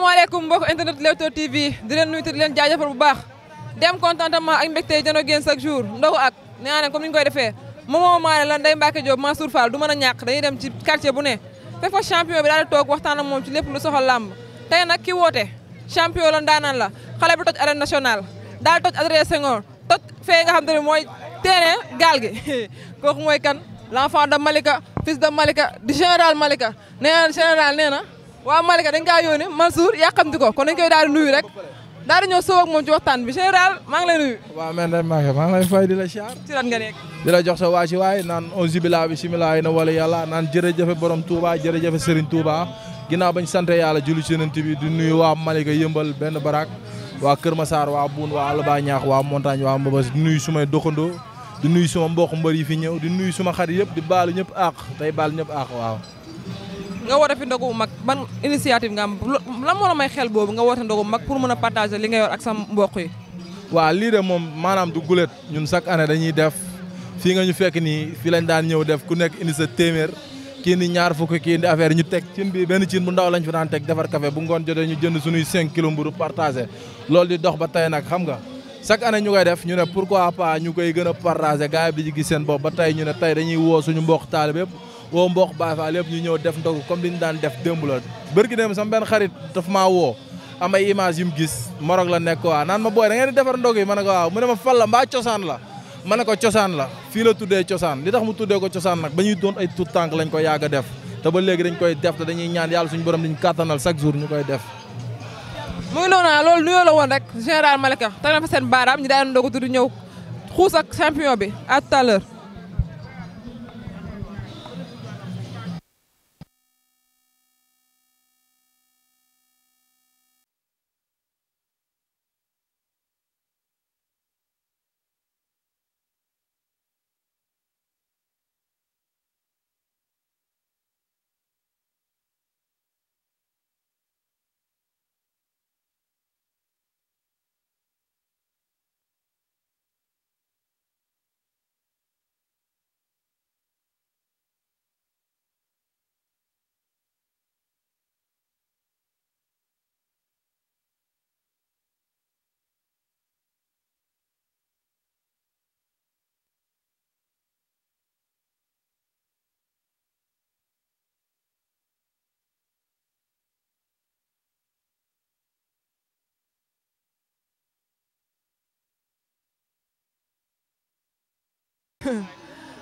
salaamaaleykum mbokk internet Leewtoo TV di leen nuyu te di leen jaajëfal bu baax dem contentement ak mbégte yi janoo génn chaque jour ndogu ak nee naa leen comme ni koy defee moomoo maa ne la Ndeye Mbacke Diop Mansour Fall du mën a ñàkk dañuy dem ci quartier bu ne fekk fa champion bi daal di toog waxtaan moom ci lépp lu soxal làmb tey nag ki woote champion la ndaanaan la xale bi toj arène nationale daal toj adressé ngor toj fee nga xam te mooy terrain gaal gi de Malika fils de Malika di général Malika nee na na waaw Malika dañ kaa yónnee Mansour yàqamti ko kon dañ koy daal nuyu rek daal di ñëw sóob ak moom ci waxtaan bi général maa ngi lay nuyu. waaw man de maa ngi lay fay di la siyaar. ci lan nga nekk. di jox sa waa ci waay naan auzu bilaahi bismilaahi na wala yàlla naan jërëjëf borom Touba jërëjëf Serigne Touba ginnaaw bañ sant yàlla julli ci Yonent bi di nuyu waa Malika yëmbal benn barak waa Kër Massar waa Boune waa Alba Ñaax waa Montagne waa Mbabas di nuyu sumay doxandoo di nuyu suma mbokk mbër yi fi ñëw di nuyu suma xarit yëpp di baalu ñëpp àq tey baal ñëpp àq waaw nga woote fi ndogu mag ban initiative nga am lan moo la may xel boobu nga woote ndogu mag pour mën a partager li nga yor ak sa mbokk yi. waa lii de moom maanaam du gulet ñun chaque année dañuy def fii nga ñu fekk nii fii lañ daan ñëw def ku nekk indi téeméer kii indi ñaar fukk kii indi affaire ñu teg cin bi benn cin bu ndaw lañ fi daan teg defar café bu ngoon jotee ñu jënd suñuy 5 kilos mburu partagé loolu di dox ba tey nag xam nga chaque année ñu koy def ñu ne pourquoi pas ñu koy gën a partagé bi ci gis seen bopp ba tey ñu ne tey dañuy woo suñu mbokk taalibe yëpp woo mbokk Baay Faal lépp ñu ñëw def ndogu comme li ñu daan def démb la bërgi dem sama benn xarit daf maa woo am ay image yu mu gis Maroc la nekk waa naan ma booy da ngeen di defar ndog yi ma ne ko waaw mu ne ma fan la mbaa cosaan la ma ne ko cosaan la fii la tuddee cosaan li tax mu tuddee ko cosaan nag ba ñuy doon ay tout tànk lañ ko yàgg a def te ba léegi dañ koy def te dañuy ñaan yàlla suñu borom diñ kàttanal chaque jour ñu koy def mu ngi noonu ah, loolu nuyoo la woon rek général Malika teg na seen baaraam ñu daan ndogu tudd ñëw xuus ak champion bi à tout à l'heure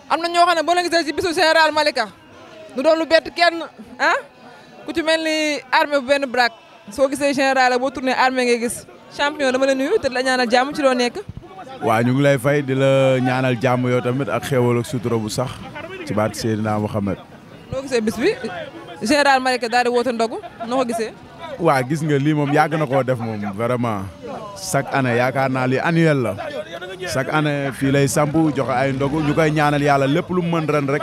am na ñoo xam ne boo leen gisee si bisu général Malika du doon lu bett kenn ah ku ci mel ni armée bu benn brak soo gisee général la boo tourné armée ngay gis champion dama la nuyu te la ñaanal jàmm ci loo nekk. waa ñu ngi lay fay di la ñaanal jàmm yow tamit ak xéwal ak sutura bu sax ci baat Seydina Mohamed. noo gisee bis bi général Malika daal di woote ndogu noo ko gisee. waa gis nga lii moom yàgg na koo def moom vraiment chaque année yaakaar naa lii annuel la chaque année fii lay sampu joxe ay ndogu ñu koy ñaanal yàlla lépp lu mu mën ren rek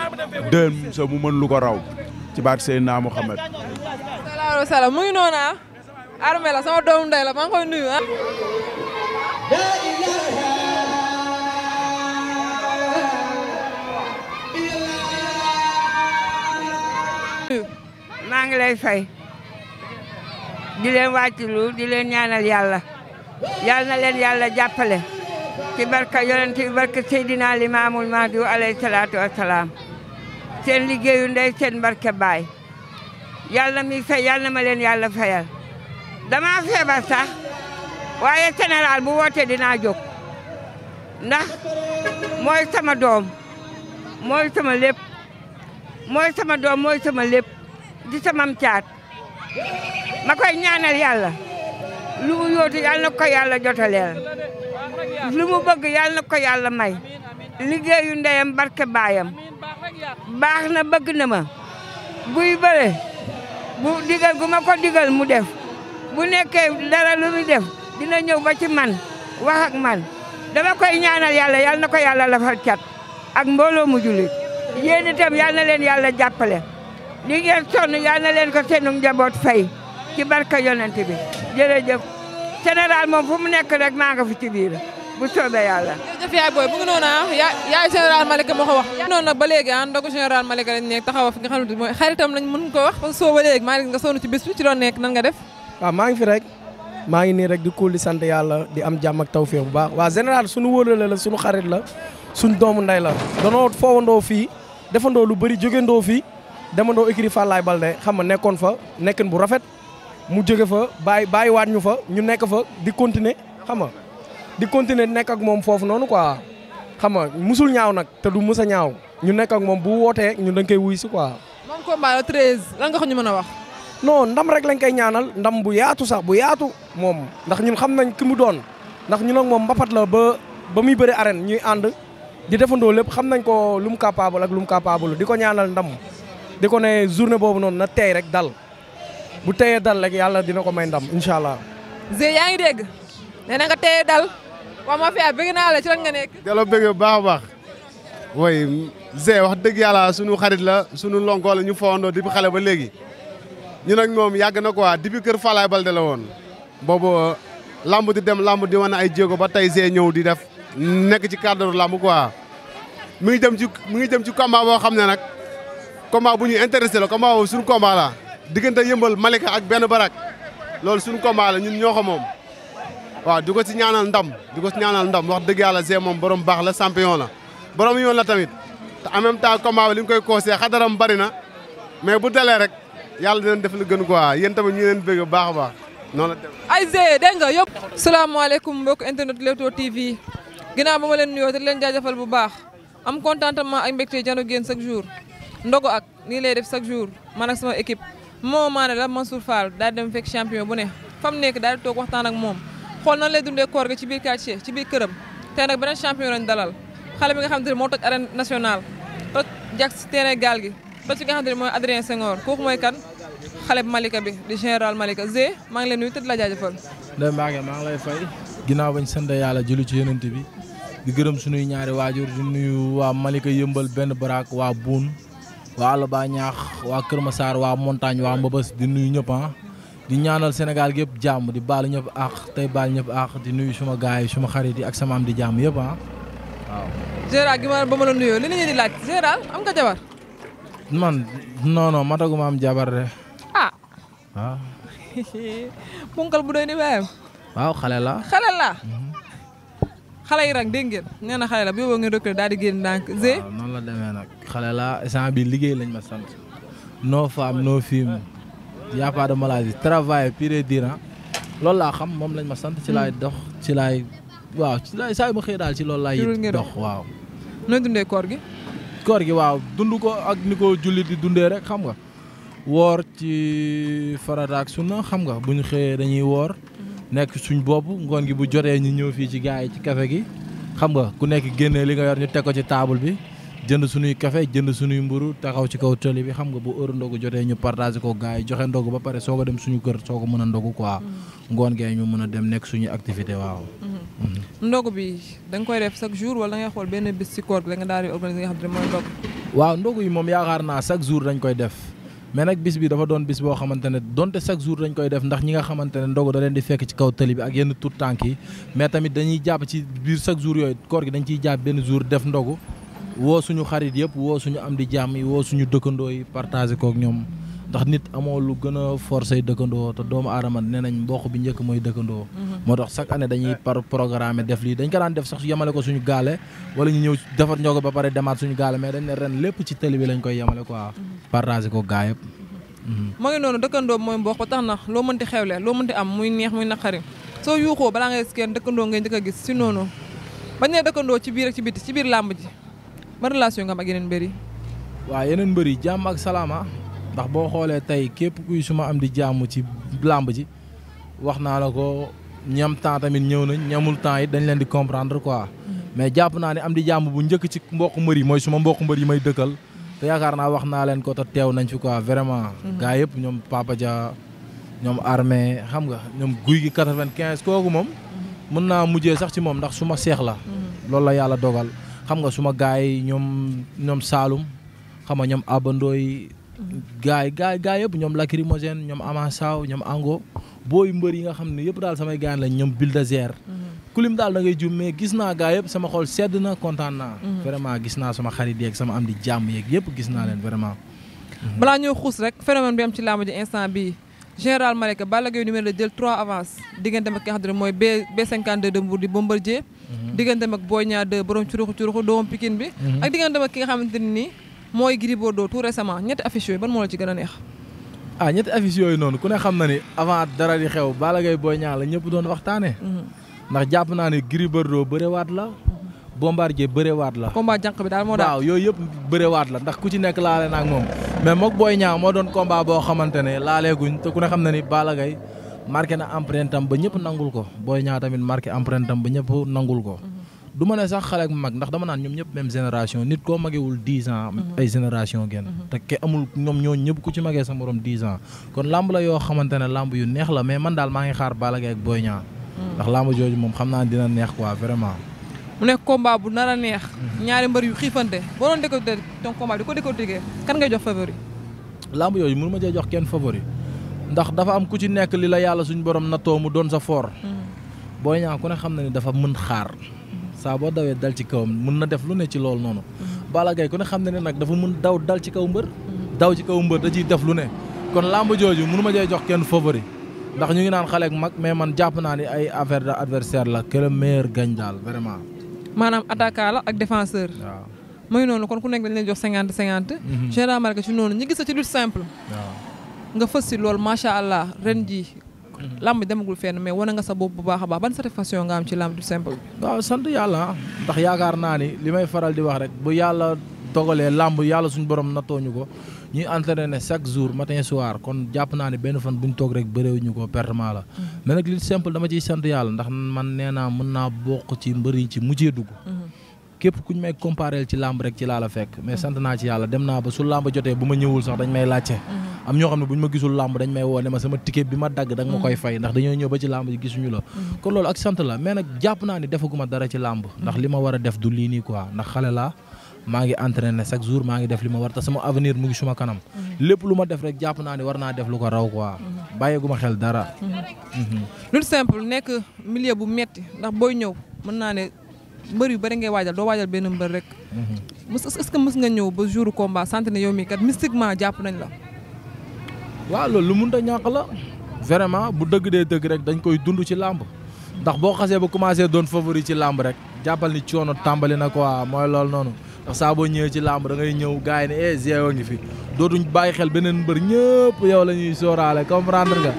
dën sa mu mën lu ko raw ci baat Seydina Mouhamed. salaamaaleykum salaam mu ngi noonu ah. armé la sama doomu ndey la maa koy nuyu ah. maa ngi di leen wàccilu di leen ñaanal yàlla yàlla na leen yàlla jàppale ci barka yonent bi barka Seydina Limaamul Mahdi alayhi salaatu wa salaam seen liggéeyu ndey seen barke baay yàlla mi fay yàlla ma leen yàlla fayal dama feebar sax waaye général bu wootee dinaa jóg ndax mooy sama doom mooy sama lépp mooy sama doom mooy sama lépp di samam caat ma koy ñaanal yàlla lu mu yóotu yàlla na ko yàlla jotaleel lu mu bëgg yàlla ko yàlla may liggéeyu ndeyam barke baayam baax na bëgg na ma buy bëre digal gu ma digal mu def bu nekkee dara lu muy def dina ñëw ba ci man wax man dama koy ñaanal yàlla yàlla na ko yàlla lafal cat ak mbooloo mu jullit yéen itam yàlla yàlla jàppale li ngeen sonn yal na leen ko seenu njaboot fay ci barka yonent bi jërëjëf moom fu mu nekk rek maa nga fi ci biir bu soobee yàlla. jërëjëf yaay booy bu nga noonu ah yaay général moo ko wax. noonu nag ba léegi ah ndogu général Malika lañ nekk taxaw fi nga xamante ni mooy xaritam lañ mën ko wax parce que soo ba léegi Malick nga sonn ci bis bi ci maa ngi fi rek maa ngi nii rek di kuul di sant yàlla di am jàmm taw tawféex bu baax waa général suñu wóolale la suñu xarit la sunu doomu ndey la danoo foowandoo fii defandoo lu bëri jógendoo fii demandoo écurie Fallaye Baldé xam nga nekkoon fa nekkin bu rafet mu jóge fa bàyyi bàyyiwaat fa ñu nekk fa di continuer xam nga di continuer nekk ak moom foofu noonu quoi xam nga musul ñaaw nag te du mus a ñaaw ñu nekk ak moom bu wootee ñu dañ koy wuy si ko moom combat 13 lan nga ko ñu mën a wax. non ndam rek lañ koy ñaanal ndam bu yaatu sax bu yaatu moom ndax ñu xam nañ ki mu doon ndax ñu ak moom mbapat la ba ba muy bëri arène ñuy ànd di defandoo lépp xam nañ ko lu mu capable ak lu mu capable di ko ñaanal ndam di ko ne journée boobu noonu na tey rek dal bu teye dal rek yàlla dina ko may ndam incha allah. Zé yaa ngi dégg nee na nga teyee dal waaw Mafia bëgg naa la ci lan nga nekk. delloo bëgg bu baax a baax. woy Zé wax dëgg yàlla sunu xarit la sunu lonko la ñu foondoo depuis xale ba léegi ñu ak moom yàgg na quoi depuis kër Falaay Balde la woon. boobu euh, lamb di dem lamb di wane ay jéego ba tey Zé ñëw di def nekk ci cadre lamb quoi mi ngi jëm ci mi boo xam ne nag. combat bu ñu intéressé la combat boobu suñu combat la diggante yëmbal Malika ak benn barak loolu suñu combat ñun ñoo ko moom waaw di si ci ñaanal ndam di si ci ñaanal ndam wax dëgg yàlla Zé moom borom baax la champion la borom yoon la tamit te en même temps combat bi li ñu koy conseillé mu bari na mais bu dalee rek yàlla dinañ def lu gën quoi yéen tamit ñu leen bëgg bu baax a baax noonu ay Zé dégg nga yëpp. salaamaaleykum mbokk internet Leewtoo TV ginnaaw ba ma leen nuyoo te leen jaajëfal bu baax am contentement ak mbégte jano génn chaque jour. ndogu ak nii lay def chaque jour man ak sama équipe moo maa ne la Mansour Fall daal dem fekk champion bu ne fa mu nekk daal di toog waxtaan ak moom xool na lay dundee koor gi ci biir quartier ci biir këram te nag beneen champion lañ dalal xale bi nga xam te ne moo toj arène national toj jag si terrain gaal gi ba ci nga xam te ne mooy Adrien Senghor kooku mooy kan xale bi Malika bi di général Malika Zé maa ngi leen nuyu te di la jaajëfal. Ndeye Mbacké maa ngi lay fay ginnaaw bañ sant yàlla julli ci yonent bi gërëm suñuy ñaari waajur di nuyu waa Malika yëmbal benn baraak waa Boune waa Alla Ba ñaax waa Kër Massar waa montagne waa Mbëbës di nuyu ñëpp ah di ñaanal Sénégal gi yëpp jàmm di baalu ñëpp àq tey baal ñëpp àq di nuyu suma gars yi suma xarit yi ak sama am di jàmm yëpp ah waaw. Général gi ma ba ma la nuyoo li ñu laaj Général am nga jabar. man non mataguma am jabar de. ah. waaw. Ah. bu doy ni baayam. waaw xale la xale la. Mhm. xale yi rek dégg ngeen nee na xale la bu yóbboo ngeen recruter daal di génn ndànk. waaw noonu la demee nag xale la instant bi liggéey lañ ma sant. no femme no film y a pas de maladie travail pur et dur loolu laa xam moom lañ ma sant. ci laay hmm. dox ci laay waaw ci laay saa yu ma xëy daal ci loolu laay. dox waaw. nooy dundee koor gi. koor gi waaw dund ko ak ni ko jullit di dundee rek xam nga. woor ci farata ak sunna xam nga bu ñu xëyee dañuy woor. nekk suñ bopp ngoon gi bu jotee ñu ñëw fii ci gars yi ci café gi xam nga ku nekk génnee li nga yor ñu teg ko ci table bi jënd suñuy café jënd suñuy mburu taxaw ci kaw tëli bi xam nga bu heure ndogu jotee ñu partagé ko gars yi joxe ndogu ba pare soo ko dem suñu kër soo ko mën a ndogu quoi mm-hmm. ngoon gee ñu mën a dem nekk suñuy activité waaw mm-hmm. Mm-hmm. ndogu bi da koy def chaque jour wala da ngay xool benn bis ci koor gi la nga daal di xam ne mooy ndogu waaw ndogu yi moom yaakaar naa chaque jour dañ koy def mais nag bis bi dafa doon bis boo xamante ne donte chaque jour dañ koy def ndax ñi nga xamante ne ndogu da leen di fekk ci kaw tëli bi ak yenn tuut tànk yi mais tamit dañuy jàpp ci biir chaque jour yooyu koor gi dañ ciy jàpp benn jour def ndogu woo suñu xarit yëpp woo suñu am di jàmm yi woo suñu dëkkandoo yi partagé kook ñoom ndax nit amoo lu gën a forcé dëkkandoo te doomu aadama nee nañ mboq bi njëkk mooy dëkkandoo. Mhm. moo tax chaque année dañuy par programme def lii dañ ko daan def sax yemale ko suñu gaale wala ñu ñëw defar ñoo ko ba pare demaat suñu gaale mais dañ ne ren lépp ci télé bi lañ koy yemale quoi. Mhm. partagé ko gaa yëpp. moo mhm. ngi noonu dëkkandoo mooy mbokk ba tax na loo mënti xewle loo mënti am muy neex muy naqari soo yuuxoo balaa ngay gis kenn dëkkandoo ngay njëkk a gis si noonu bañ ne dëkkandoo ci biir ak ci biti ci biir làmb ji ma relation nga am ak yeneen mbër yi. waaw yeneen mbër yi jàmm ak salaama ah. ndax boo xoolee tey képp kuy suma am di jàmm ci làmb ji wax naa la ko ñam temps tamit ñëw nañ ñamul temps yi dañ leen di comprendre quoi mhm. mais jàpp naa ne am di jàmm bu njëkk ci mbokk mbër yi mooy suma mbokk mbër yi may dëkkal. yaakaar naa wax naa leen ko te teew nañ fi quoi vraiment. Mhm. gars yëpp ñoom Papa Dia ñoom armée xam nga ñoom guy gi quatre-vingt-quinze kooku moom. mën mhm. naa mujjee sax ci moom ndax su ma seex la. Mhm. loolu la yàlla dogal xam nga suma gars yi ñoom ñoom Saalum xam nga ñoom abandoo yi. gaay gaay gaay yëpp ñoom lacrymogène ñoom amasaw ñoom ango booy mbër yi nga xam ne yëpp daal samay gaay lañ ñoom bulldozer kulim daal da ngay jum mais gis naa gaa yëpp sama xol sedd na kontaan naa. Mhm. vraiment gis naa sama xarit yeeg sama am di jàmm yeeg yëpp gis naa leen mhm. vraiment. Mhm. balaa ñuy xuus rek phénomène bi am ci làmb ji instant bii général Malika Balla Gaye numéro la jël 3 avance digganteem ak ki nga xam mooy B B52 de Mbour di Bombardier. digganteem ak Boy Niang 2 borom curuxu curuxu doomu Pikine bi. ak digganteem ak ki nga xamante ne nii mooy Gris Bordeaux tout récemment ñetti affiche yooyu ban moo la ci gën a neex. ah ñetti affiche yooyu noonu ndax jàpp naa ne Gris Bordeaux waat la Bombardier bërewaat la. combat jànq bi daal moo daal waaw yooyu yëpp bërewaat la ndax ku ci nekk laale na ak moom. mais moog Boy ñaa moo doon combat boo xamante ne laaleeguñ te ku ne xam na ni Balla Gaye na empreinte am ba ñëpp nangul ko Boy Niang tamit marqué empreinte am ba ñëpp nangul ko. Mhm. du ma ne sax xale ak mag ndax dama naan ñoom ñëpp même génération nit koo magewul dix ans. Mhm. ay génération genn mhm. te ke amul ñoom ñoo ñëpp ku ci magee sa morom dix ans. kon lamb yoo xamante ne lamb yu la mais man daal maa ngi xaar Balla Gaye ak ndax làmb jooju moom xam naa dina neex quoi vraiment. mu nekk combat bu nar a neex. ñaari mbër yu xiifante boo doon décortiquer donc combat di ko décortiquer kan ngay jox favori. làmb yooyu mënu ma cee jox kenn favori ndax dafa am ku ci nekk li la yàlla suñu borom nattoo mu doon sa foor. Mm. booy ñaa ku ne xam na ni dafa mën xaar. Mm. saa dawee dal ci kawam mën na def lu ne ci loolu noonu. Mm. Balla Gaye ku ne xam na ne nag dafa mën daw dal ci kaw mbër. daw ci kaw mbër da ciy def lu ne. kon làmb jooju mënu ma cee jox kenn favori. ndax ñu ngi naan xale mag mais man jàpp naa ni ay affaire de adversaire la que le meilleur daal vraiment. maanaam attaquant la ak défenseur. waaw mooy noonu kon ku nekk dañu lay jox cinquante cinquante. Mhm. général Malika ci noonu ñu gis ci lutte simple. nga fës si loolu macha allah ren ji mhm. làmb demagul fenn mais wane nga sa bopp bu baax a baax ban satisfaction nga am ci làmb lutte simple. waaw sant yàlla ah. ndax yaakaar naa ni li may faral di wax rek bu yàlla dogalee làmb yàlla suñu borom nattooñu ko. ñuy entraîné chaque jour matin soir kon jàpp naa ne benn fan bu ñu toog rek bëréew ñu ko pertement la mhm. mais nag li simple dama ciy sant yàlla ndax man nee naa naa bokk ci mbër ci mujjee dugg mhm. képp kuñ may compareel ci làmb rek ci laa la fekk mais mhm. sant naa ci yàlla dem naa ba su làmb jotee bu ma ñëwul sax dañ may laajte am ñoo xam ne bu ñu ma gisul làmb dañ may woo ma sama ticket bi ma dagg da ma koy fay ndax dañoo ñëw ba ci làmb ji gisuñu la kon loolu ma a def du lii nii quoi ndax xale laa maa ngi entraîné chaque jour maa ngi def li ma war te sama avenir mu ngi suma kanam lépp lu ma def rek jàpp naa ne war naa def lu ko raw quoi bàyyeegu ma xel dara lu simple nekk milieu bu metti ndax booy ñëw mën naa ne mbër yu bëri ngay waajal doo waajal benn mbër rek mës est-ce que mës nga ñëw ba jour combat sant ne yow mii kat mystiquement jàpp nañ la waaw loolu lu mënta ñàkk la vraiment bu dëgg dee dëgg rek dañ koy dund ci làmb ndax boo xasee ba commencé doon favori ci làmb rek jàppal ni coono tàmbali na quoi mooy loolu noonu ndax saa boo ñëwee ci làmb da ngay ñëw gars yi ne eh Zia ngi fi dootuñ bàyyi xel beneen mbër ñëpp yow la ñuy sóoraale comprendre nga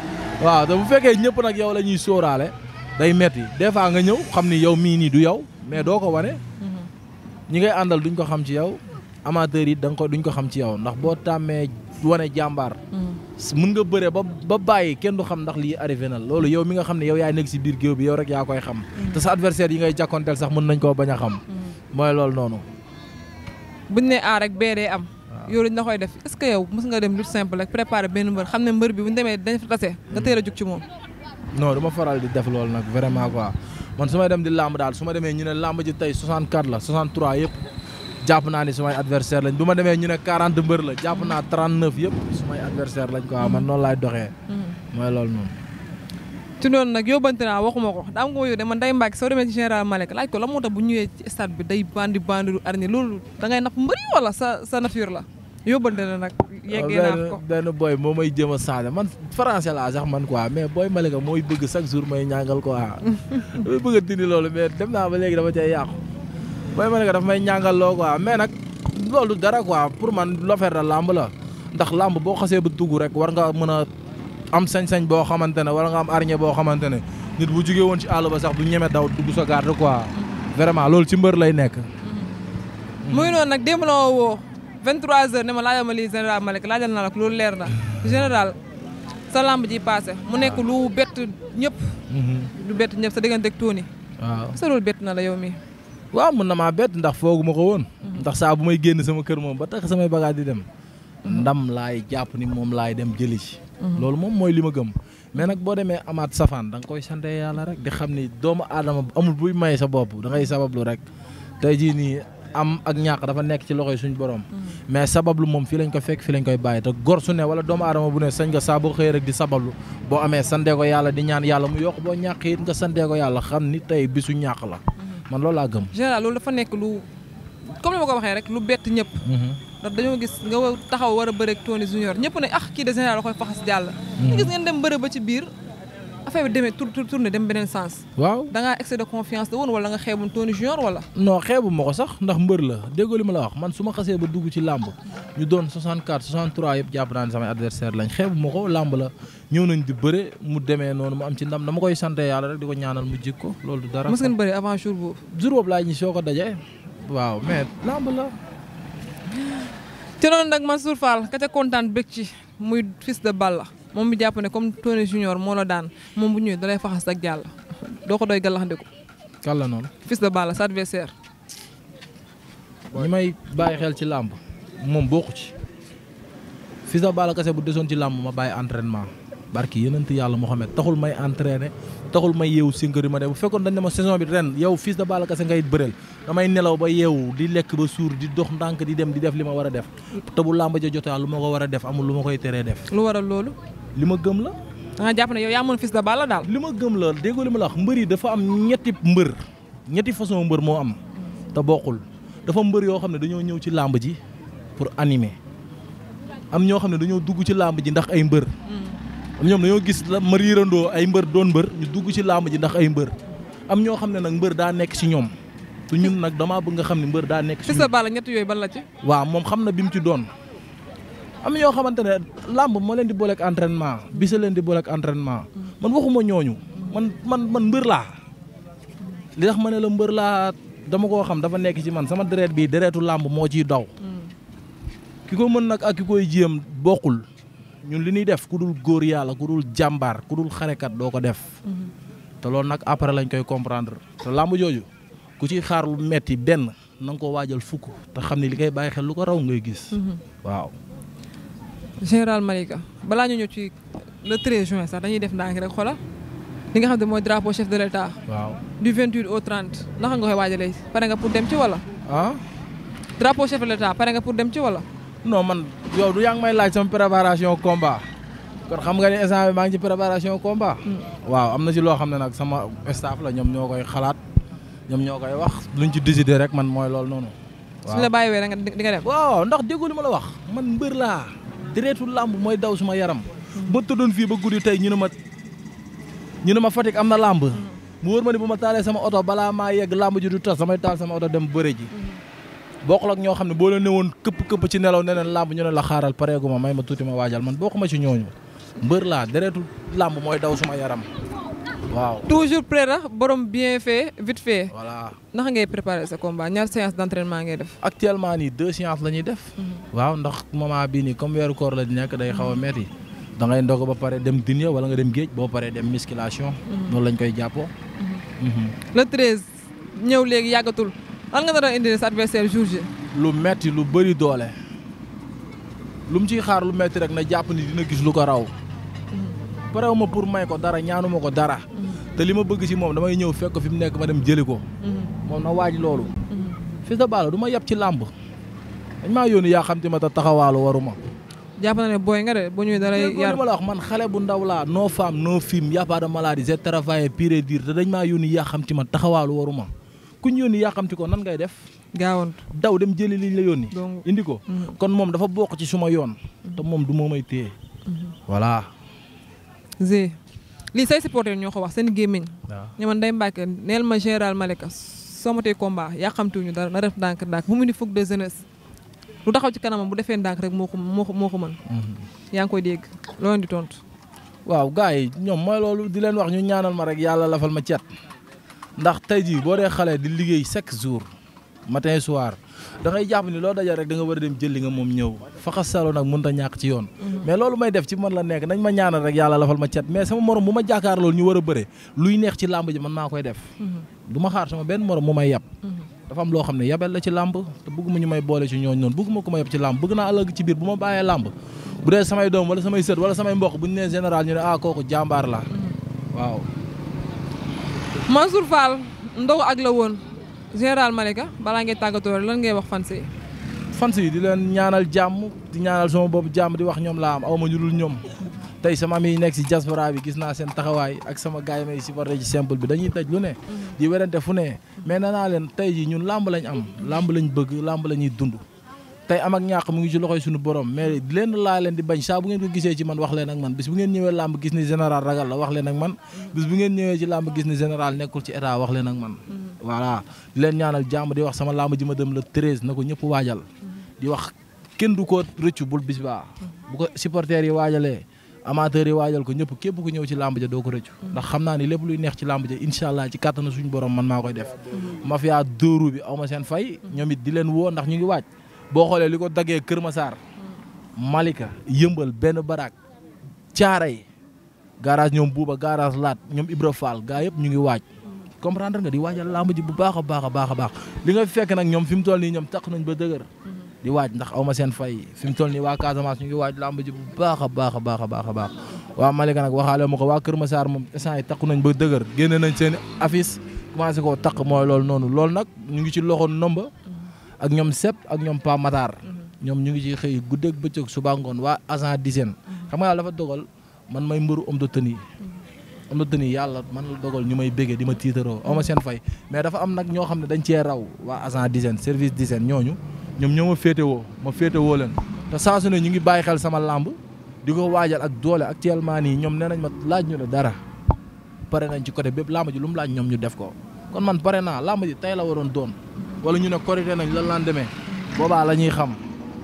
waaw te bu fekkee ñëpp nag yow la ñuy sóoraale day metti des fois nga ñëw xam ni yow mii nii du yow mais doo ko wane. Mm-hmm. ñi ngay àndal duñ ko xam ci yow amateurs yi da nga duñ ko xam ci yow ndax boo tàmmee wane jàmbaar. Mm-hmm. mën nga bëre ba ba bàyyi kenn du xam ndax lii arrivé na loolu yow mi nga xam ne yow yaa nekk si biir géew bi yow rek yaa koy xam. Mm-hmm. te sa yi ngay jàkkoonteel sax mën nañ koo bañ a xam. mooy loolu noonu. buñ ne A rek B day am. yow la koy def est ce que yow nga dem lutte simple rek préparer benn mbër xam ne mbër bi bu ñu demee dañ fa nga teel a jug ci moom. non du faral di def loolu nag vraiment quoi man su may dem di làmb daal su ma demee ñu ne làmb ji tey 64 la 63 yëpp jàpp naa ni sumay adversaire lañ bu ma demee ñu ne 40 mbër la jàpp naa 39 yëpp sumay adversaire lañ quoi man noonu laay doxee. Mm-hmm. mooy loolu noonu. ci noonu nag yóbbante naa waxuma ko daa am ko ma yóbbee man day Mbacke soo demee ci général Malek laaj ko la moo tax bu ñëwee ci stade bi loolu da ngay napp mbëri wala sa sa nature la yóbbante na nag. yeggee naa ko benn boy moo may jëm a saaga man français laa sax man quoi mais boy Malika mooy bëgg chaque jour may ñàngal quoi. damay bëgg a dindi loolu mais dem naa ba léegi dafa cay yàqu. boy Malika daf may ñàngal loo quoi mais nag loolu dara quoi pour man l'affaire de lamb la ndax lamb boo xasee ba dugg rek war nga mën a. am sañ-sañ boo xamante ne wala nga am arñe boo xamante ne nit bu jugee woon ci àll ba sax du ñeme daw dugg sa garde quoi vraiment loolu ci mbër lay nekk. Mm-hmm. muy noonu nag démb la ma woo 23h ne ma laajal ma lii général Malick laajal naa la ko loolu leer na général sa lamb ji passé mu nekk lu bett ñëpp. Mm-hmm. lu bett ñëpp sa diggante ak Tony. waaw sa loolu bett na la yow mi waaw na maa bet ndax foogu ma ko woon. Mm-hmm. ndax saabu bu may génn sama kër moom ba tax samay bagage di dem. ndam laay jàpp ni moom laay dem jëli ci Mhm. loolu moom mooy li ma gëm mais nag boo demee amaat safaan danga koy sante yàlla rek di xam ni doomu aadama amul buy may sa bopp da ngay sabablu rek tey jii nii am ak ñàkk dafa nekk ci loxoy suñu borom. Mhm. mais sabablu moom fii lañ ko fekk fii lañ koy bàyyi te gor su ne wala doomu adama bu ne sañ nga saa boo rek di sabablu boo amee sante ko yàlla di ñaan yàlla mu yokk boo ñàkk it nga sante ko yàlla xam ni tey su ñàkk la mhm. man loolu laa gëm. général loolu dafa nekk lu comme ni ko waxee rek lu bett ñëpp. ndax dañoo gis nga taxaw war a bëre ak Tony Junior ñëpp ne ah kii de général da koy faxas jàll. ñu hmm. gis ngeen dem bëre ba ci biir affaire bi demee tour tourné dem beneen sens. waaw da ngaa excès de confiance la woon wala nga xeebum Tony Junior wala. non xeebu ma ko sax ndax mbër la déggoo li ma la wax man su ma xasee ba dugg ci làmb ñu doon 64 63 yëpp jàpp naa ne samay adversaire lañ xeebu ma ko làmb la ñëw nañ di bëre mu demee noonu mu am ci ndam dama koy sant yàlla rek di ko ñaanal mu jik ko loolu du dara. mos ngeen bëre avant jour boobu. jour boobu laa ñu soo ko dajee la ce noonu nag Mansour Fall ka ca kontaan bëgg ci muy fils de la moom mi jàpp ne comme Tony Junior moo la daan moom bu ñëwee dalay faxas ak jàll doo ko doy gàllaxandiku. kan la noonu. fils de Balla sa adversaire. ñi may bàyyi xel ci làmb moom bokku ci fils de Balla kese bu desoon ci làmb ma bàyyi entraînement. barki yenent yàlla Mouhamed taxul may entraîné taxul may yeewu sinkër yi ma dem bu fekkoon dañ ne ma saison bi ren yow fils de Balla Gaye ngay bëreel damay nelaw ba yeewu di lekk ba suur di dox ndànk di dem di def li ma war a def te bu làmb ja jotaa lu ko war a def amul lu ma koy teree def lu a loolu li ma gëm la ah jàpp na yow yaa mën fils de Balla daal li ma gëm la déggoo li ma la yi dafa am ñetti mbër ñetti façon mbër moo am te bokkul dafa mbër yoo xam ne dañoo ñëw ci làmb ji pour animer am ñoo xam ne dañoo dugg ci làmb ji ndax ay mbër hmm. ñoom dañoo gis ma riirandoo ay mbër doon mbër ñu dugg ci làmb ji ndax ay mbër am ñoo xam ne nag mbër daa nekk ci ñoom du nag damaa bëgg nga xam ne mbër daa nekk ci sa bala ñett yooyu ban la ci waaw moom xam na bi mu ci doon am ñoo xamante ne làmb ma leen di booleeg entraînement bi leen di booleeg entraînement man waxuma ñooñu man man man mbër laa li tax ma ne la mbër laa dama koo xam dafa nekk ci man sama deret bii dereetu làmb moo ciy daw mm. ki ko mën nag ak ki koy jéem bokkul ñun li ñuy def ku dul góor yàlla ku dul jàmbaar ku dul xarekat doo ko def. Mm-hmm. te loolu nag après lañ koy comprendre te làmb jooju ku ci xaar lu metti benn na nga koo waajal fukk te xam ne li ngay bàyyi xel lu ko raw ngay gis. Mm-hmm. waaw. général Malika balaa ñu ñëw ci le 13 juin sax dañuy def ndànk rek xoolal li nga xam ne mooy drapeau chef de l'état. waaw du 28 au 30 naka nga koy waajalee pare nga pour dem ci wala. ah. drapeau chef de l'état pare nga pour dem ci wala. non man yow du yaa ngi may laaj sama préparation komba kon xam nga ne instant bi maa ngi ci préparation komba hmm. waaw am na ci loo xam ne nag sama staff la ñoom ñoo koy xalaat ñoom ñoo koy wax luñ ci décider rek man mooy loolu noonu. waaw su la bàyyiwee da nga def. waaw ndax déggu li ma la wax man mbër laa dereetu làmb mooy daw suma yaram. Hmm. ba tëddoon fii ba guddi tey ñu ne ma ñu ne ma Fatick am na làmb. Hmm. mu wóor ma ni bu ma taalee sama oto balaa maa yegg làmb ji du tas samay taal sama oto dem bokkul ak ñoo xam ne boo leen newoon këpp këpp ci nelaw neneen làmb ñu ne la xaaral pareegu ma may ma tuuti ma waajal man bokkuma ci ñooñu mbër laa deretu làmb mooy daw suma yaram waaw. toujours prêt la borom bien fait vite fait. nax ndax ngay préparer sa combat ñaar séance d'entraînement ngay def. actuellement nii deux séances la ñuy def. Mhm. waaw ndax moment bii nii comme weeru koor la di nekk day xaw a mhm. metti da ngay ndog ba pare dem dunya wala nga dem géej boo paree dem musculation. Mhm. noonu lañ koy jàppoo. le ñëw léegi yàggatul. lan nga doon indi sa adversaire jour J. lu metti lu bari doole lu mu xaar lu metti rek na jàpp ni dina gis lu ko raw. parew ma pour may ko dara ñaanuma ko dara. te li ma bëgg ci moom damay ñëw fekk fi mu nekk ma dem jëli ko. moom na waaj loolu. Fils de Balla du yab ci làmb. dañ maa yónni yaa xam te ma taxawaalu waruma. jàpp na ne booy nga de bu ñuy dara yar li ma la wax man xale bu ndaw laa no femme no film y a pas de maladie j'ai travaillé pire et dur te dañ maa yónni yaa xam te ma taxawaalu waruma. ku ñu yónni yàqamti ko nan ngay def. gaawantu daw dem jëli liñ la yónni. indi ko. Mhm. kon moom dafa bokk ci suma yoon. Mhm. te moom du moomay téye. Mhm. voilà. Zé lii say supporter ñoo ko wax seen gémmiñ. waaw ñu man day Mbacke neel ma général Malika soo matee combat yàqamtiwuñu dara na def ndànk ndànk bu mu ni fukk de jeunesse. lu taxaw ci kanamam bu defee ndànk rek moo ko moo ko moo ko mën. yaa ngi koy dégg loolu di tontu. waaw gars ñoom mooy loolu di leen wax ñu ñaanal ma rek yàlla lafal ma cet ndax tey jii boo dee xale di liggéey chaque jour matin soir da ngay jàpp ni loo dajal rek da nga war a dem jëli nga moom ñëw faxas salo nag mënut a ñàkk ci yoon. Mhm. mais loolu may def ci man la nekk nañ ma ñaanal rek yàlla lafal ma cet mais sama morom bu ma jàkkaar loolu ñu war a bëre luy neex ci làmb ji naa koy def. Mhm. du ma xaar sama benn morom mu may yab. Mhm. dafa am loo xam ne yabel la ci làmb te bëgguma ñu may boole ci ñooñu noonu bëgguma ko ma yab ci làmb bëgg naa ëllëg ci biir wala samay sët wala samay mbokk bu ñu nee général ah la waaw man Fall ndogu ak la woon général Malika balaa ngay tàggatoo lan ngay wax fans yi. fanse yi di leen ñaanal jàmm di ñaanal sama bopp jàmm di wax ñoom laa am aw ma ñu dul ñoom tey sama am yi nekk si diaspora bi gis naa seen taxawaay ak sama gaay yi si war ci simple bi dañuy taj lu ne. di werante fu ne mais nee naa leen tey ji ñun làmb lañ am. làmb lañ bëgg làmb la ñuy dund. tey am ak ñàkk mu ngi ci loxoy suñu borom mais lenn laa leen di bañ saa bu ngeen ko gisee ci man wax leen ak man bis bu ngeen ñëwee làmb gis ni général ragal la wax leen ak man bis bu ngeen ñëwee ci làmb gis ni général nekkul ci état wax leen ak man voilà di leen ñaanal jàmm di wax sama làmb ji ma dem la treize na ko ñëpp waajal di wax kenn du ko rëccu bul bis baa bu ko supporters yi waajalee amateurs yi waajal ko ñëpp képp ku ñëw ci làmb ja doo ko ndax xam naa ni lépp luy neex ci làmb ja incha allah ci kàttana suñu borom man maa koy def mafia dóoru bi ma seen fay ñoom it di leen woo ndax ñu ngi waaj boo xoolee li ko daggee Kër Massar Malika yëmbal benn baraak caaray garage ñoom buuba garage laat ñoom Ibra faal gaa yëpp ñu ngi waaj comprendre nga di waajal làmb ji bu baax a baax baax a baax li nga fekk nag ñoom fi mu toll nii ñoom taq nañ ba dëgër di waaj ndax aw ma seen fay fi mu toll nii waa Casamance ñu ngi waaj làmb ji bu baax a baax a baax a a baax waa Malika nag waxaale ma ko waa Kër Massar moom instant yi taq nañ ba dëgër génne nañ seen affiche commencé koo taq mooy loolu noonu loolu nag ñu ngi ci loxo nomba ak ñoom Sepp ak ñoom Pa Matar. ñoom ñu ngi ci xëy guddeeg bëccëg suba ngoon waa agent d'hygiène. xam nga dafa dogal man may mbëru homme de tenue. homme de tenue yàlla man la dogal ñu may béggee di ma tiitaroo aw ma seen fay mais dafa am nag ñoo xam ne dañ cee raw waa agent d'hygiène service d'hygiène ñooñu ñoom ñoo ma féetewoo ma féetewoo leen te saa su ne ñu ngi bàyyi xel sama làmb di ko waajal ak doole actuellement nii ñoom nee nañ ma laaj ñu ne dara pare nañ ci côté bépp làmb ji lu mu laaj ñoom ñu def ko kon man naa làmb ji tey la waroon doon wala ñu ne korite nañ la lendemain boobaa la ñuy xam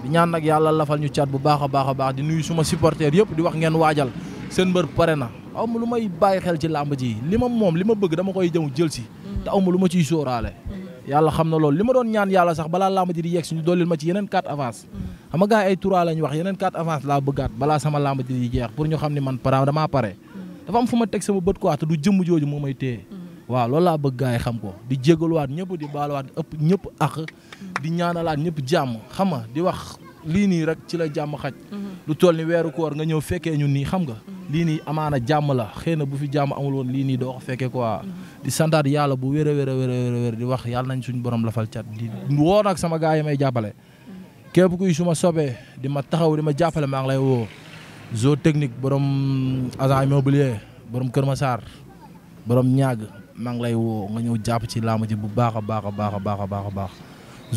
di ñaan nag yàlla lafal ñu cat bu baax a baax baax di nuyu suma supporter yëpp di wax ngeen waajal seen mbër pare na aw lu may bàyyi xel ci làmb ji li ma moom li ma bëgg dama koy jëm jël si te aw lu ma ciy sóoraale yàlla xam na loolu li ma doon ñaan yàlla sax balaa làmb ji di yegg suñu dooleel ma ci yeneen quatre avance xam nga gars ay trois lañ wax yeneen quatre avance laa bëggaat balaa sama làmb ji di jeex pour ñu xam ne par damaa pare dafa am ma bët quoi du jëmm jooju moo may téye waaw loolu laa bëgg gars yi xam ko di waat ñëpp di waat ëpp ñëpp ak di ñaanalaat ñëpp jàmm xam nga di wax lii nii rek ci la jàmm xaj mhm. lu toll ni weeru koor nga ñëw fekkee ñun nii xam nga mhm. lii nii amaana jàmm la xëy na bu fi jàmm amul woon lii nii doo ko fekkee quoi mhm. di santaat yàlla bu wér a wér a wér di wax yàlla nañ suñu borom lafal cat di woor nag sama gars yi may jàppale képp kuy su ma sobee di ma taxaw di ma jàppale maa ngi lay woo zoo technique borom agent Kër Massar maa lay woo nga ñëw jàpp ci làmb ji bu baax a baax a baax a baax a baax a baax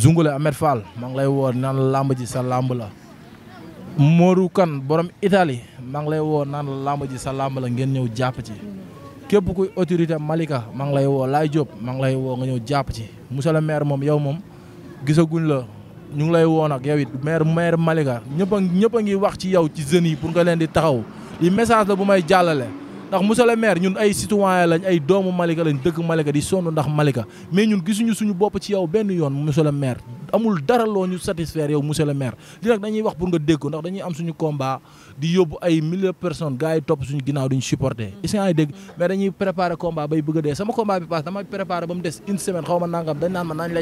Zoungale Ahmed Fall maa ngi lay woo naan la làmb ji sa làmb la Modou Kane borom Italie maa ngi lay woo naan la ji sa làmb ngeen ñëw jàpp ci képp kuy autorité Malika maa ngi lay woo Laye Diop maa lay woo nga ñëw jàpp ci monsieur le maire moom yow moom gisaguñ la ñu ngi lay woo nag yow it maire maire Malika ñëpp a ñëpp a ngi wax ci yow ci jeunes yi pour nga leen di taxaw li message la bu may jàllale ndax monsieur le maire ñun ay citoyen lañ ay doomu Malika lañ dëkk Malika di sonn ndax Malika mais ñun gisuñu suñu bopp ci yow benn yoon monsieur le maire amul dara loo ñu satisfaire yow monsieur le maire li dañuy wax pour nga dégg ko ndax dañuy am suñu combat di yóbbu ay milliers personnes gars yi topp suñu ginnaaw duñu supporter est-ce que ay dégg mais dañuy préparer combat bay bëgg a dee sama combat bi passe damay préparer ba mu des une semaine xaw ma nangam dañ naan ma nañ mm-hmm.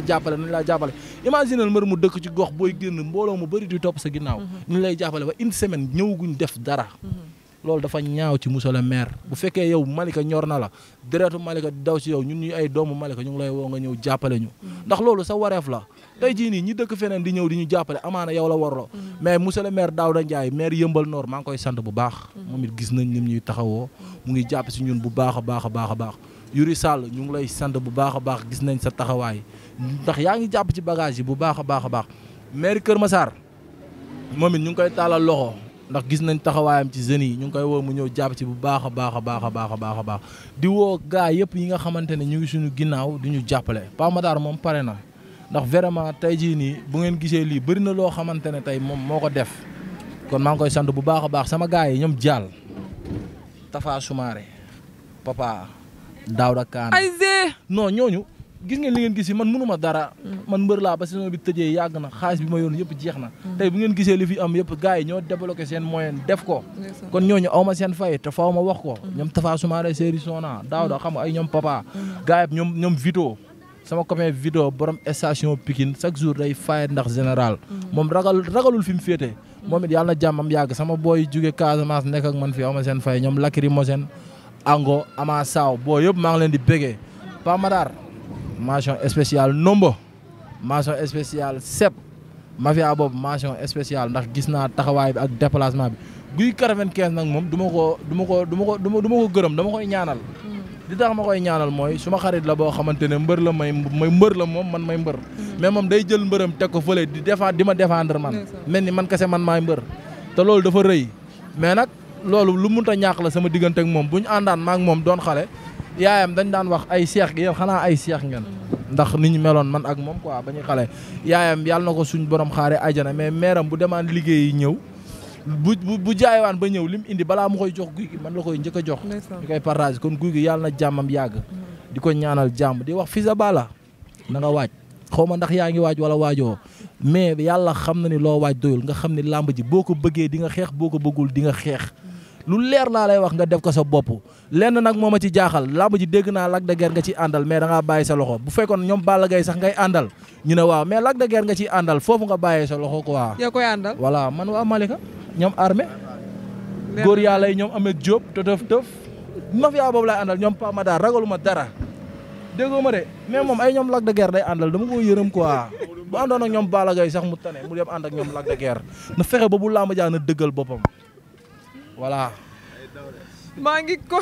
lay ñu lay dara mm-hmm. loolu dafa ñaaw ci monsieur le bu fekkee yow Malika ñor na la deretu Malika daw ci yow ñun ñuy ay doomu Malika ñu ngi lay woo nga ñëw jàppale ñu ndax loolu sa wareef la tey jii nii ñi dëkk feneen di ñëw di ñu jàppale amaana yow la warloo mais monsieur le daaw Daouda Ndiaye maire yëmbal noor maa ngi koy sant bu baax moom it gis nañ nim ñuy taxawoo mu ngi jàpp si ñun bu baax a baax baax a baax Yuri Sall ñu ngi lay sant bu baax a baax gis nañ sa taxawaay ndax yaa ngi jàpp ci bagage yi bu baax a baax a baax maire Kër masaar moom it ñu ngi koy tàllal loxo ndax gis nañ taxawaayam ci jeunes yi ñu ngi koy woo mu ñëw jàpp ci bu baax a baax baax a baax a baax di woo gaa yëpp yi nga xamante ne ñu ngi suñu ginnaaw di ñu jàppale Pa Matar moom pare na ndax vraiment tey jii nii bu ngeen gisee lii bëri na loo xamante ne tey moom moo ko def kon maa ngi koy sant bu baax a baax sama gaa yi ñoom jaal Tafa Soumaré papa daaw Kane ay non ñooñu gis ngeen li ngeen gis yi man mënuma dara mm. man mbër laa ba saison bi tëjee yàgg na xaalis bi ma yoon yëpp jeex na mm. tey bu ngeen gisee fi am yëpp gars yi ñoo débloqué seen moyen def ko kon ñooñu aw ma seen fay te faaw ma wax ko mm. ñoom Tafa Soumaré Seri Sona ay ñoom papa gars yi ñoom Vito sama copain Vito borom station Pikine chaque jour day fayet ndax général moom ragal ragalul fi mu féete moom it yàlla na jàmmam yàgg sama booy jóge Casamance nekk ak man fi aw ma seen fay ñoom Lakiri Mosène Ango Ama Saw boo yëpp maa ngi leen di bégee Pamatar mention spéciale nombo mention spéciale sep mafia boobu mention spéciale ndax gis naa taxawaay bi ak déplacement bi guy 95 nag moom du ma ko du ma ko du ma ko du ma ko gërëm dama koy ñaanal di mm. tax ma koy ñaanal mooy suma ma xarit la boo xamante ne mbër la may may mbër la moom man may mbër mm. mais moom day jël mbërëm teg ko fële di défendre di ma défendre man mel ni man kese man may mbër te loolu dafa rëy mais nag loolu lu munta ñàkk la sama diggante moom bu ñu àndaan maak moom doon xale yaayam dañ daan wax ay seex gi xanaa ay seex ngeen ndax ni ñu meloon man ak moom quoi ba ñu xale yaayam yàlla na ko suñ borom xaare ajana mais meeram bu demaan liggéey ñëw bu bu waan ba ñëw lim indi balaa mu koy jox guy gi man la koy njëkk a jox ñu koy partage kon guy gi yàlla na jàmmam yàgg di ko ñaanal jàmm di wax fi sa bala na nga waaj xaw ma ndax yaa ngi waaj wala waajoo mais yàlla xam na ni loo waaj doyul nga xam ni làmb ji boo ko bëggee di nga xeex boo ko bëggul di nga xeex lu leer laa lay wax nga def ko sa bopp lenn nag moom ma ci jaaxal làmb ji dégg naa Lac de Guiers nga ci àndal mais da ngaa bàyyi sa loxo bu fekkoon ñoom baala gay sax ngay àndal ñu ne waaw mais lag de Guiers nga ci àndal foofu nga bàyyee sa loxo quoi. yaa koy àndal voilà man waa Malika ñoom armée góor yaa lay ñoom Ameth Diop te tëf tëf mafia boobu laay àndal ñoom Pape Matar ragaluma dara déggoo ma mais moom ay ñoom Lac de Guiers day àndal dama ko yërëm quoi bu àndoon ñoom Balla gay sax mu tane mu dem ànd ak ñoom Lac de Guiers na fexe ba bu làmb jaa na dëggal boppam voilà maa ngi ko.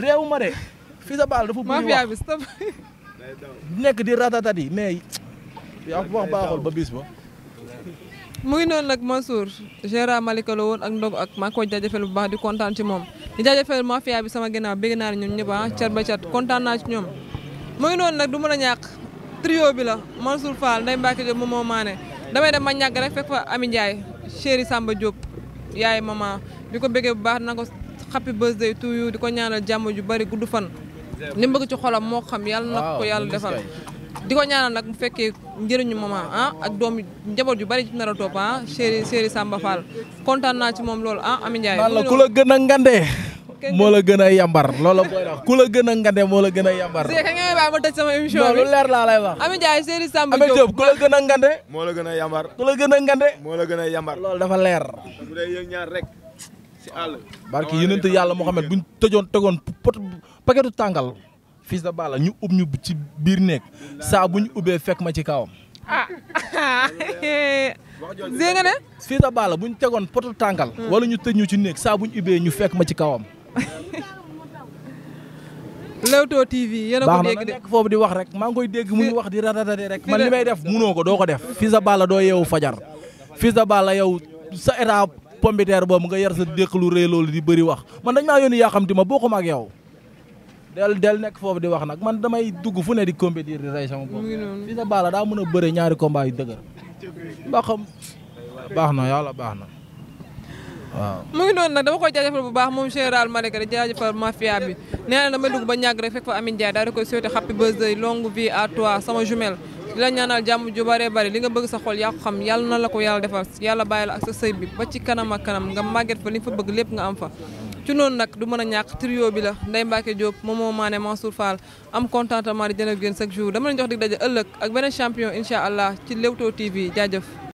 réew ma de. fii sa baal dafa bëri wax nekk di ratatat yi mais yaa wax baaxul ba bis ba. mu ngi noonu nag Mansour Gérard Malika la woon ak ndog ak maa ngi koy jaajëfal bu baax di kontaan ci moom di jaajëfal mafia bi sama ginnaaw bëgg naa ne ñoom ñëpp ah cat ba cat kontaan naa ci ñoom. mu ngi noonu nag du mën a ñàkk trio bi la Mansour Fall baak Mbacke Diop moom maane damay dem ma ñàkk rek fekk fa Ami Ndiaye chéri Samba Diop. yaay maman di ko bëggee bu baax na ko happy birthday you di ko ñaanal jàmm ju bari gudd fan ni mu bëgg ci xolam moo xam yàlla na ko yàlla defal di ko ñaanal nag bu fekkee njëriñu maman ah ak doom njaboot yu bari ci nar a topp ah chéri chéri Samba Fall kontaan naa ci moom loolu ah Ami Ndiaye. ku la gën a ngandee moo la gën a yambar loola booy wax ku la gën a ngande moo la gën a yambar. Seydou kañ nga bàyyi ma tëj sama leer laa lay wax. Ami Ndiaye Seydou Samba Diop ku la gën a ngande. moo la gën a yambar ku gën a ngande. moo la gën a yambar loolu dafa leer. ñaar rek ci àll. barki yonent yàlla Muhammad buñ tëjoon tegoon pot paquetu tàngal fils de Balla ñu ub ñu ci biir néeg saabu ñu ubbee fekk ma ci kawam. ah dégg nga ne. fils de bu ñu tegoon potu tàngal. Hmm. wala ñu tëj ñu ci néeg saa ñu ubbee ñu fekk ma ci kawam. Leewtoo TV yéen a ko dégg de baax na foofu di wax rek maa ngi koy dégg muy wax di ratatati rek man li may def munoo ko doo ko def. Fils de baala doo yeewu fajar Fils de baala yow sa état pompiteer boobu nga yar sa dëkk lu rëy loolu di bëri wax man dañ maa yónni yaa xam te ma bokkuma ak yow. del del nekk foofu di wax nag man damay dugg fu ne di compétir di rey sama bopp. Fils de Balla daa mën a bëre ñaari combat dëggër dëgër. baax na yàlla baax na. waaw mu ngi noonu nag dama koy jaajëfal bu baax moom général Malika di jaajëfal mafia bi nee na damay dugg ba ñàgg rek fekk fa Amine Ndiaye daal di sama jumelle la ñaanal jàmm ju bare bari li nga bëgg sa xol yaa ko yàlla na la ko yàlla defal yàlla bàyyi la ak sa sëy bi ci kanam ak kanam nga màgget fa li fa bëgg lépp nga am fa ci noonu nag du mën a ñàkk trio bi la Ndeye Mbacke Diop Momo Mané Mansour Fall am contentement di jën ak yéen chaque jour dama leen jox dig daje ëllëg ak beneen champion incha allah ci Leewtoo TV jaajëf